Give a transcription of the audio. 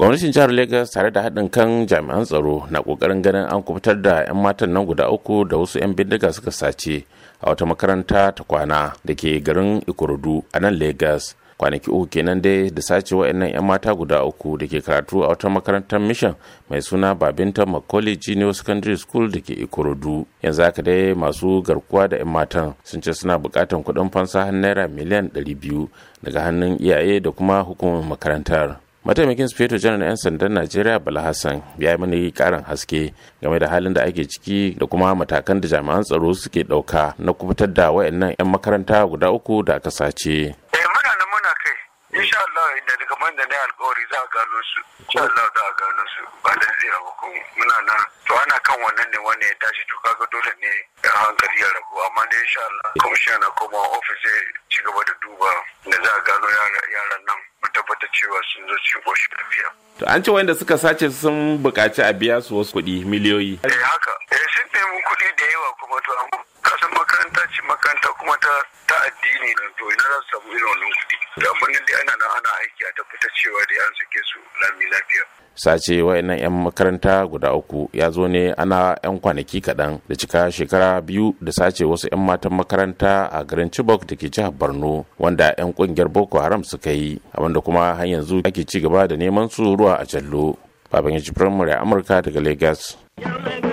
gwamnatin jihar lagos tare da haɗin kan jami'an tsaro na ƙoƙarin ganin an kubutar da 'yan matan nan guda uku da wasu 'yan bindiga suka sace a wata makaranta ta kwana da ke garin ikorodu a nan lagos kwanaki uku kenan dai da sace wa'annan 'yan mata guda uku da ke karatu a wata makarantar mission mai suna babinta macaulay junior secondary school da ke ikorodu yanzu haka dai masu garkuwa da 'yan matan sun ce suna bukatan kuɗin fansa naira miliyan 200 daga hannun iyaye da kuma hukumar makarantar mataimakin sufeto janar 'yan sandan najeriya bala hassan ya yi mani karin haske game da halin da ake ciki da kuma matakan da jami'an tsaro suke ɗauka na kubutar da wayannan 'yan makaranta guda uku da aka sace eh, insha Allah da daga man da na alkawari za a gano su insha Allah za a gano su ba da zai ba muna na to ana kan wannan ne wanda ya tashi to ga dole ne ya hankali ya ragu, amma da insha Allah kuma shi na koma ofis zai ci gaba da duba da za a gano yaran nan tabbata cewa sun zo cikin ƙoshin tafiya. To an ce wanda suka sace sun buƙaci a biya su wasu kuɗi miliyoyi. Eh haka, eh sun nemi kuɗi da yawa kuma to amma kasan makaranta ce makaranta kuma ta addini to ina za su samu irin wannan kuɗi. cewa da an sake su lami lafiya sace wayannan 'yan makaranta guda uku ya zo ne ana 'yan kwanaki kaɗan da cika shekara biyu da sace wasu 'yan matan makaranta a garin chibok da ke jihar borno wanda 'yan ƙungiyar boko haram suka yi abinda kuma har yanzu ake ci gaba da neman su ruwa a jallo baban ya ci firamare amurka daga Legas.